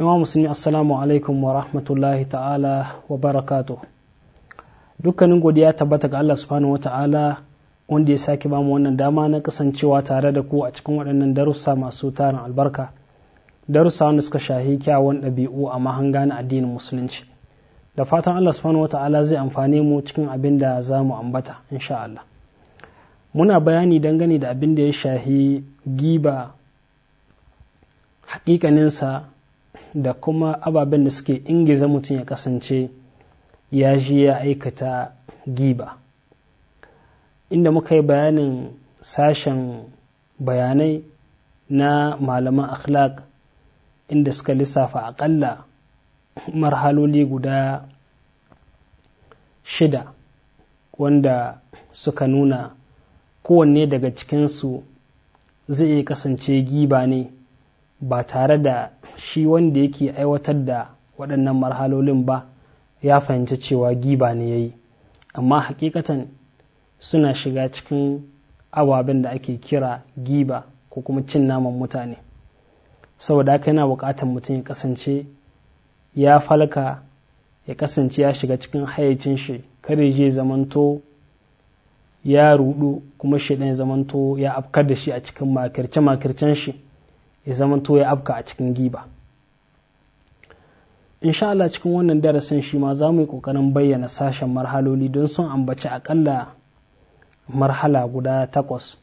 Imam musulmi assalamu alaikum wa rahmatullahi ta'ala wa barakatu dukkanin godiya tabbata ga Allah subhanahu wata'ala wanda ya sake ba mu wannan dama na kasancewa tare da ku a cikin waɗannan darussa masu tarin albarka darussa wanda suka shahi kyawun ɗabi'u a mahanga na addinin musulunci da fatan Allah subhanahu wata'ala zai amfane mu cikin abin da za mu ambata insha Allah muna bayani dangane da abin da ya shahi giba hakikaninsa da kuma ababen da suke ingiza mutum ya kasance ya ji ya aikata giba inda muka yi bayanin sashen bayanai na malaman akhlaq inda suka lissafa aƙalla marhaloli guda shida wanda suka nuna kowanne daga cikinsu zai kasance giba ne ba tare da shi wanda yake aiwatar da waɗannan marhalolin ba ya fahimci cewa giba ne ya yi amma hakikatan suna shiga cikin ababen da ake kira giba ko kuma cin naman mutane saboda haka yana buƙatar mutum ya kasance ya falka ya kasance ya shiga cikin hayyacin shi kare je zamanto ya rudu kuma shi ɗan zamanto ya afkar da shi a cikin makirce-makircen shi ya zamanto ya afka a cikin giba insha Allah cikin wannan darasin shi ma za mu yi ƙoƙarin bayyana sashen marhaloli don sun ambaci akalla marhala guda takwas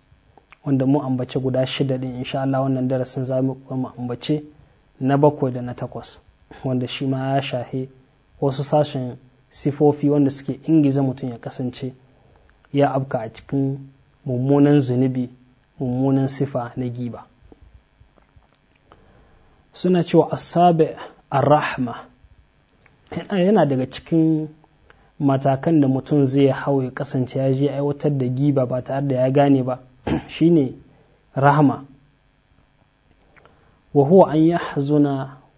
wanda mu ambace guda shida din insha Allah wannan darasin za mu kuma ambace na bakwai da na takwas wanda shi ma ya shahe wasu sashen sifofi wanda suke ingiza mutum ya kasance ya afka a cikin mummunan zunubi mummunan sifa na giba suna cewa asabe arrahma yana daga cikin matakan da mutum zai hau ya kasance ya je aiwatar da giba ba tare da ya gane ba shine rahma wa huwa an yi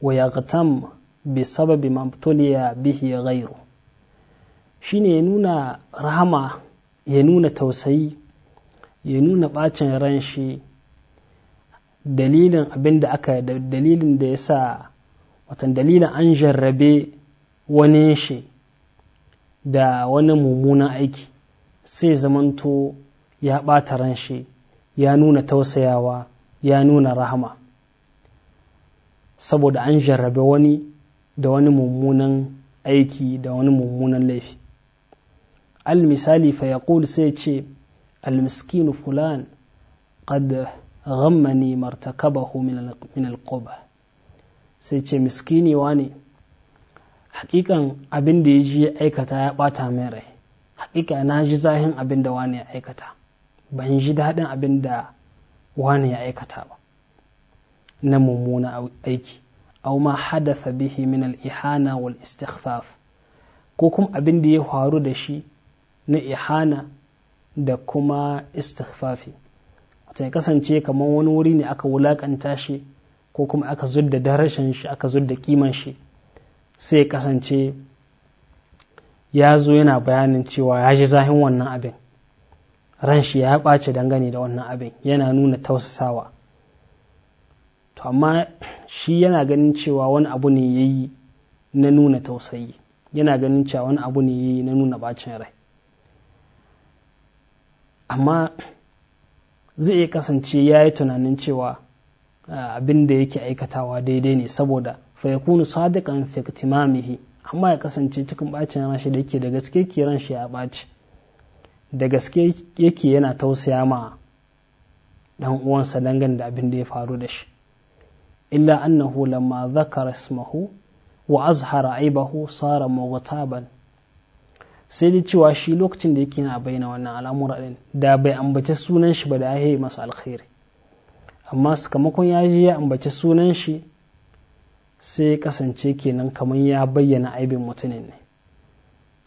wa gatan bi sababi ma tuliya bihi shi shine ya nuna rahama ya nuna tausayi ya nuna bacin ran shi dalilin abin da aka dalilin da ya sa watan dalilin an jarrabe wani shi da wani mummunan aiki sai zamanto ya ɓata ran shi ya nuna tausayawa ya nuna rahama saboda an jarrabe wani da wani mummunan aiki da wani mummunan laifi al misali fa yaqul sai ce al miskinu fulan qad ghammani martakabahu min alquba sai ce miskini ne hakikan abin da ya ji ya aikata ya bata mai rai hakika na ji zahin abin da wani ya aikata ban ji daɗin abin da wani ya aikata ba na mummuna aiki aw ma hadatha bihi min al-ihana wal istighfaf ko kuma abin da ya faru da shi na ihana da kuma istighfafi sai kasance kamar wani wuri ne aka wulakanta shi ko kuma aka zudda darashin shi aka zudda kiman shi sai kasance ya zo yana bayanin cewa ya ji zahin wannan abin ran shi ya ɓace dangane da wannan abin yana nuna tausasawa to amma shi yana ganin cewa wani abu ne ya yi na nuna tausayi yana ganin cewa wani abu ne ya yi na nuna bacin rai amma zai iya kasance ya yi tunanin cewa abin da yake aikatawa daidai ne saboda fa yakunu sadiqan fi amma ya kasance cikin bacin ranshi da yake da gaske yake ran shi ya baci da gaske yake yana tausaya ma dan uwansa dangane da abin da ya faru da shi illa annahu lamma zakara ismahu wa azhara aibahu sara mughtaban sai dai cewa shi lokacin da yake yana bayyana wannan al'amura din da bai ambace sunan shi ba da ahe masa alkhairi amma sakamakon ya je ya ambace sunan shi sai kasance kenan kamar ya bayyana aibin mutumin ne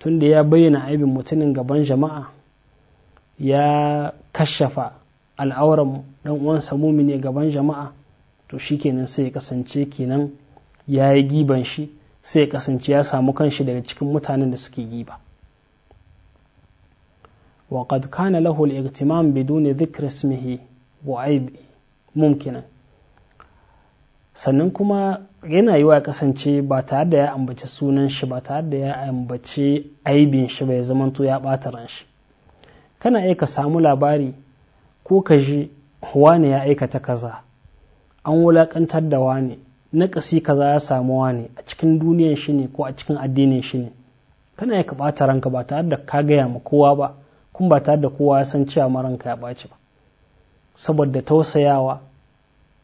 tun da ya bayyana aibin mutumin gaban jama'a ya kashafa al'auran dan uwansa mumini gaban jama'a to shikenan sai ya kasance kenan ya yi giban shi sai ya kasance ya samu kanshi daga cikin mutanen da suke giba وقد كان له الاغتمام بدون ذكر اسمه وعيب ممكنا sannan kuma yana yi wa kasance ba tare da ya ambaci sunan shi ba tare da ya ambaci aibin shi bai zamanto ya ɓata ran shi kana iya ka samu labari ko ka ji wane ya aikata kaza an wulaƙantar da wane naƙasi kaza ya samu wane a cikin duniyan shi ne ko a cikin addinin shi ne kana iya ka ɓata ranka ba tare da ka gaya ma kowa ba kuma ba tare da kowa ya san cewa maranka ya ɓaci ba saboda tausayawa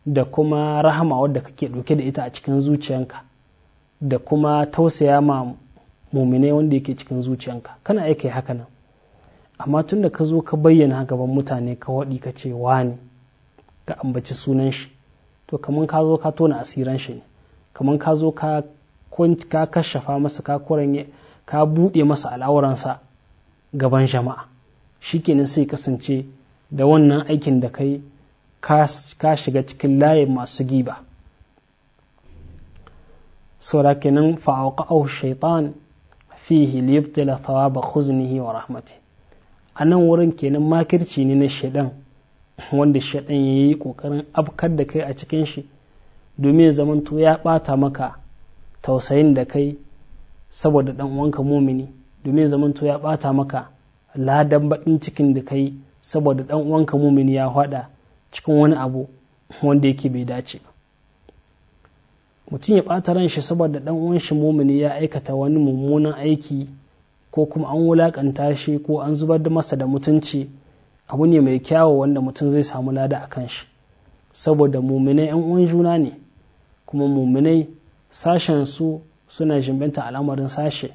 da kuma rahama wadda kake ɗauke da ita a cikin zuciyanka da kuma tausaya ma mumine wanda yake cikin zuciyanka kana aika haka nan amma tun da ka zo ka bayyana gaban mutane ka waɗi ka ce ne ka ambaci sunan shi to kamar ka zo ka tona asiran shi ne kamar ka zo ka kashafa masa ka kuranye ka buɗe masa al'auransa gaban jama'a shikenan sai kasance da wannan aikin da kai ka shiga cikin layin masu giba saura kenan au shaitan fihi liyabtila thawaba khuznihi wa rahmati a nan wurin kenan makirci ne na shaidan wanda shaidan ya yi ƙoƙarin afkar da kai a cikin shi domin zaman to ya ɓata maka tausayin da kai saboda ɗan uwanka mumini domin zaman zamanto ya ɓata maka ladan baɗin cikin da kai saboda ɗan uwanka mumini ya haɗa cikin wani abu wanda yake bai dace ba mutum ya ɓata ran shi saboda ɗan uwan shi mumini ya aikata wani mummunan aiki ko kuma an wulaƙanta shi ko an zubar da masa da mutunci abu ne mai kyawo wanda mutum zai samu lada a kan shi saboda muminai yan uwan juna ne kuma muminai sashen su suna jimbinta al'amarin sashe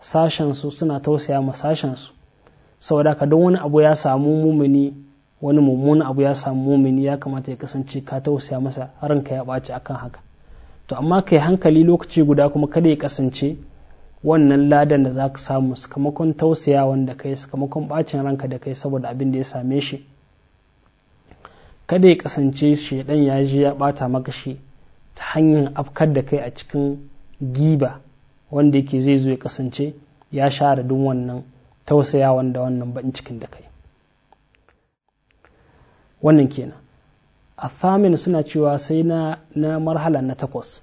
sashen su suna tausaya ma sashen su saboda ka don wani abu ya samu mumini wani mummunan abu ya samu mumini ya kamata ya kasance ka tausaya masa ranka ya ɓaci akan haka to amma ka yi hankali lokaci guda kuma kada ya kasance wannan ladan da za ka samu sakamakon tausaya wanda kai sakamakon ɓacin ranka da kai saboda abin da ya same shi kada ya kasance shaidan ya je ya ɓata maka shi ta hanyar afkar da kai a cikin giba wanda yake zai zo ya kasance ya share duk wannan tausaya wanda wannan baƙin cikin da kai wannan kenan a famin suna cewa sai na na marhala na takwas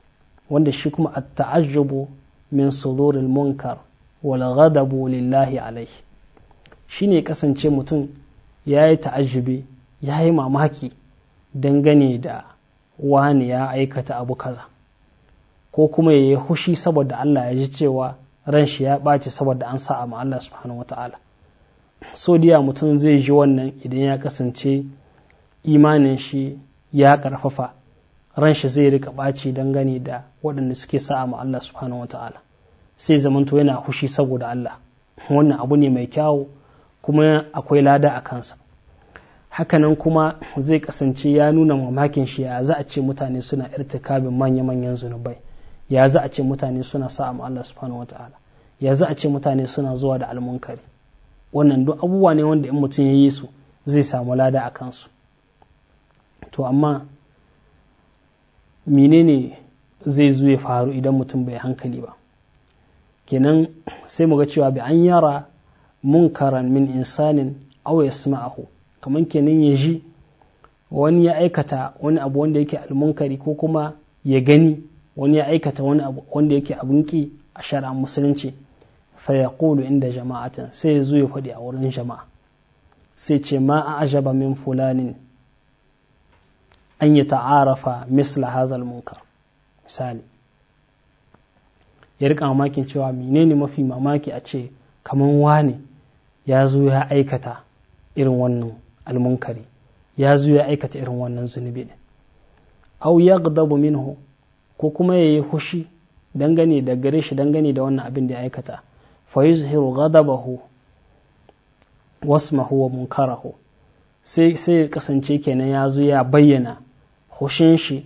wanda shi kuma a ta'ajjubu min suduril munkar wal ghadabu lillahi alaihi shine kasance mutum ya yi ta'ajjubi ya yi mamaki dangane da wani ya aikata abu kaza ko kuma ya yi hushi saboda Allah ya ji cewa ran shi ya ɓaci saboda an sa'a ma Allah subhanahu wata'ala so diya mutum zai ji wannan idan ya kasance imanin shi ya ƙarfafa ran shi zai rika ɓaci gani da waɗanda suke sa'a ma Allah subhanahu wata'ala sai zamanto yana hushi saboda Allah wannan abu ne mai kyawu kuma akwai lada a kansa hakanan kuma zai kasance ya nuna mamakin shi ya za a ce mutane suna irtikabin manya-manyan zunubai ya za a ce mutane suna sa mu Allah subhanahu wata'ala ya za a ce mutane suna zuwa da almunkari wannan duk abubuwa ne wanda in mutum ya yi su zai samu lada a kansu to amma menene zai zo ya faru idan mutum bai hankali ba kenan sai mu ga cewa bi an yara munkaran min insanin aw yasma'ahu kaman kenan ya ji wani ya aikata wani abu wanda yake almunkari ko kuma ya gani wani ya aikata wani abu wanda yake abun ki a shari'ar musulunci fa kulu inda jama'atan sai ya zo ya faɗi a wurin jama'a sai ce ma a ajaba min fulanin an yi ta'arafa misla hazal munkar misali ya rika mamakin cewa menene mafi mamaki a ce kamar wane ya zo ya aikata irin wannan almunkari ya zo ya aikata irin wannan zunubi ne au ya minhu ko kuma ya yi hushi dangane da gare shi dangane da wannan abin da ya aikata fa yuzhiru ghadabahu wasmahu wa munkarahu sai ya kasance kenan ya zo ya bayyana hushin shi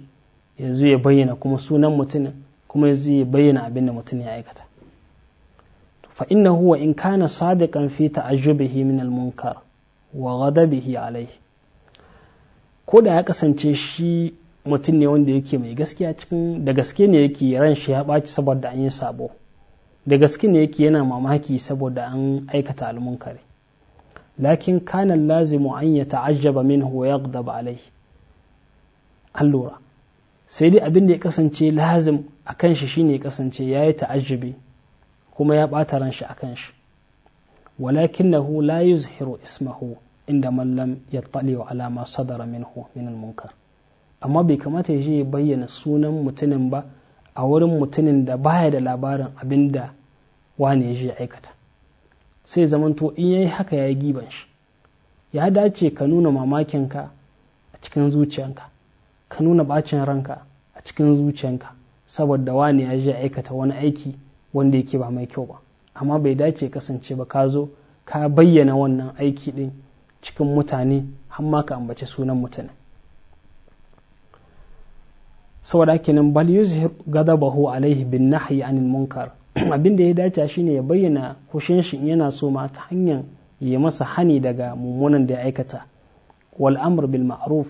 ya zo ya bayyana kuma sunan mutumin kuma ya zo ya bayyana abin da mutum ya aikata fa innahu wa in kana sadiqan fi ta'ajjubihi min al-munkar wa ghadabihi alayhi ko da ya kasance shi mutum ne wanda yake mai gaskiya cikin da gaske ne yake ran shi ya ɓaci saboda an yi sabo da gaske ne yake yana mamaki saboda an aikata almunkari lakin kana lazimu an ya ta'ajjaba minhu wa yaghdab alai allura sai dai abin da ya kasance lazim a kan shi shine ya kasance ya yi ta'ajjubi kuma ya ɓata ran shi a kan shi nahu la yuzhiru ismahu inda mallam ya yattali wa ma sadara minhu min munkar amma bai kamata ya je ya bayyana sunan mutumin ba a wurin mutumin da baya da labarin abin da wane ya je ya aikata sai zamanto in ya yi haka ya yi giban shi ya dace ka nuna mamakinka a cikin zuciyanka ka nuna bacin ranka a cikin zuciyanka saboda wane ya je aikata wani aiki wanda yake ba mai kyau ba amma bai dace kasance ba ka zo ka bayyana wannan aiki din cikin mutane har ma ka ambaci sunan mutane saboda kenan bal yuzhir ghadabahu alaihi bin nahyi anil munkar abin da ya dace shine ya bayyana kushin shi yana so ma ta hanyar ya masa hani daga mummunan da ya aikata wal amr bil ma'ruf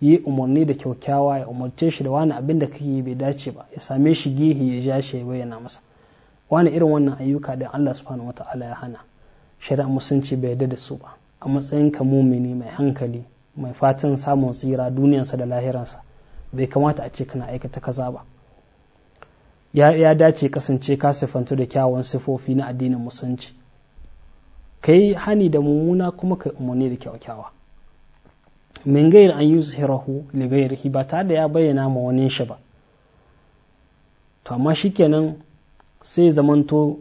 yi umarni da kyaukyawa ya umarce shi da wani abin da kake bai dace ba ya same shi gihi ya ja shi ya bayyana masa wani irin wannan ayyuka da Allah subhanahu wata'ala ya hana shari'a musulunci bai yarda da su ba a matsayin ka mumini mai hankali mai fatan samun tsira duniyarsa da lahiransa bai kamata a ce kana aikata kaza ba ya dace kasance ka siffantu da kyawun sifofi na addinin musulunci kai hani da mummuna kuma ka umarni da kyaukyawa min gair an yi zuhirahu li gairihi ba ta da ya bayyana ma wani shi ba to amma shikenan sai zamanto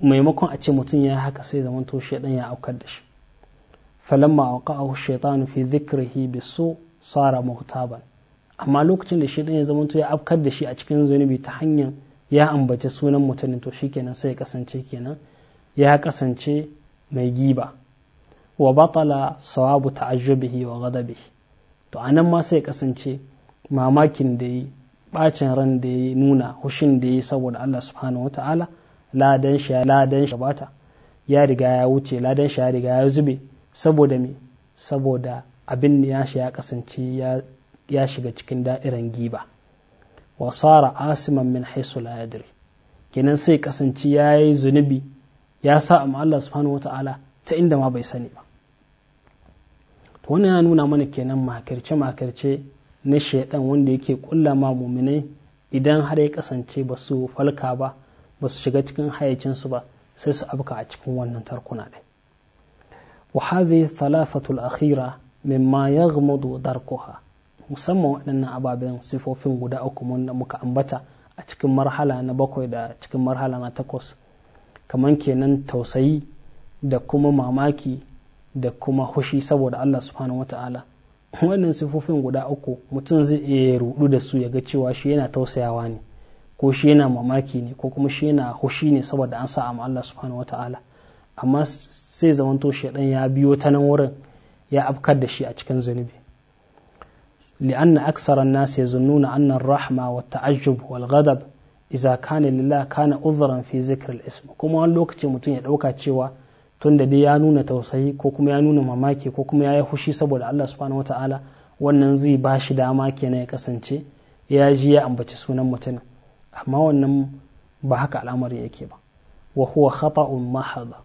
maimakon a ce mutum ya haka sai zamanto shaidan ya aukar da shi falamma auqa'ahu shaytanu fi dhikrihi bisu sara muhtaban amma lokacin da ɗan ya zama ya afkar da shi a cikin zunubi ta hanyar ya ambaci sunan mutumin to kenan sai ya kasance kenan ya kasance mai giba wa batala sawabu ta'ajjubihi wa ghadabihi to anan ma sai ya kasance mamakin da yi bacin ran da ya nuna hushin da ya saboda Allah subhanahu wata'ala ladan shi ladan shi bata ya riga ya wuce ladan shi ya riga ya zube saboda me saboda abin ya shi ya kasance ya ya shiga cikin da'iran giba wa tsara asiman min haisu la'adiri kenan sai kasance ya yi zunubi ya sa amma Allah subhanahu wata'ala ta inda ma bai sani ba to wannan ya nuna mana kenan makirce makirce na shaidan wanda yake kulla ma muminai idan har ya kasance ba su falka ba ba su shiga cikin hayacinsu ba sai su abka a cikin wannan tarkuna ɗin وهذه الثلاثة akhira مما يغمض darkuha musamman waɗannan ababen sifofin guda uku wanda muka ambata a cikin marhala na bakwai da cikin marhala na takwas kamar kenan tausayi da kuma mamaki da kuma hushi saboda Allah subhanahu wata'ala wannan sifofin guda uku mutum zai iya rudu da su ya ga cewa shi yana tausayawa ne ko shi yana mamaki ne ko kuma shi yana hushi ne saboda an sa ma Allah subhanahu wata'ala amma sai zamanto shi ya biyo ta nan wurin ya afkar da shi a cikin zunubi لأن أكثر الناس يظنون أن الرحمة والتعجب والغضب إذا كان لله كان عذرا في ذكر الاسم كما wani lokaci mutum ya ɗauka cewa tun da dai ya nuna tausayi ko kuma ya nuna mamaki ko kuma ya yi hushi saboda Allah subhanahu wataala wannan zai ba shi dama kenan ya kasance ya ji ya ambaci sunan mutum amma wannan ba haka al'amarin yake ba wa huwa khata'un mahadha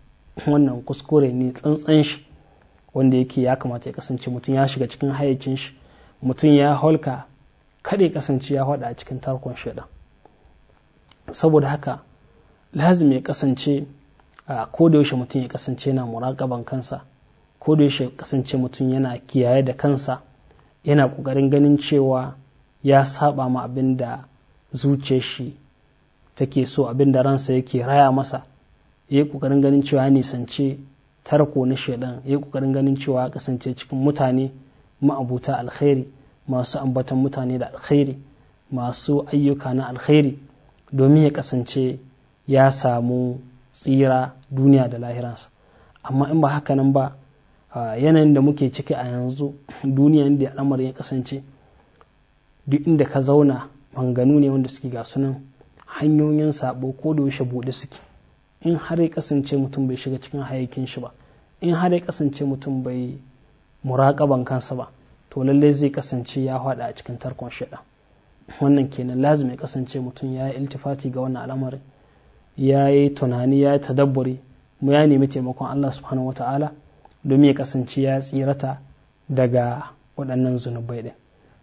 kuskure ne tsantsan shi wanda yake ya kamata ya kasance mutum ya shiga cikin hayyacin shi mutum ya holka kaɗai kasance ya haɗa a cikin tarkon shaidan saboda haka lazim ya kasance a yaushe mutum ya kasance yana muraƙaban kansa yaushe ya kasance mutum yana kiyaye da kansa yana ƙoƙarin ganin cewa ya saba ma abin da zuciyar shi take so abin da ransa yake raya masa ya yi ƙoƙarin ganin cewa ya nisance tarko na shaidan ya yi ƙoƙarin ganin cewa ya kasance cikin mutane ma'abuta alkhairi masu ambatan mutane da alkhairi masu ayyuka na alkhairi domin ya kasance ya samu tsira duniya da lahiransa amma in ba haka nan ba yanayin da muke ciki a yanzu duniya da al'amarin ya kasance duk inda ka zauna manganu ne wanda suke ga sunan hanyoyin sabo ko da yaushe buɗe suke in har ya kasance mutum bai shiga cikin hayakin shi ba in har ya kasance mutum bai muraƙaban kansa ba to lallai zai kasance ya faɗa a cikin tarkon shaɗa wannan kenan lazumi ya kasance mutum ya yi iltifati ga wannan al'amarin ya yi tunani ya yi tadabburi mu ya nemi taimakon Allah subhanahu wata'ala domin ya kasance ya tsirata daga waɗannan zunubai ɗin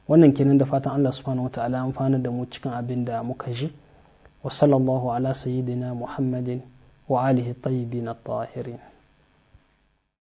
wannan kenan da fatan Allah subhanahu wata'ala amfana da mu cikin abin da muka ji wa sallallahu ala sayyidina muhammadin wa alihi tayyibin at-tahirin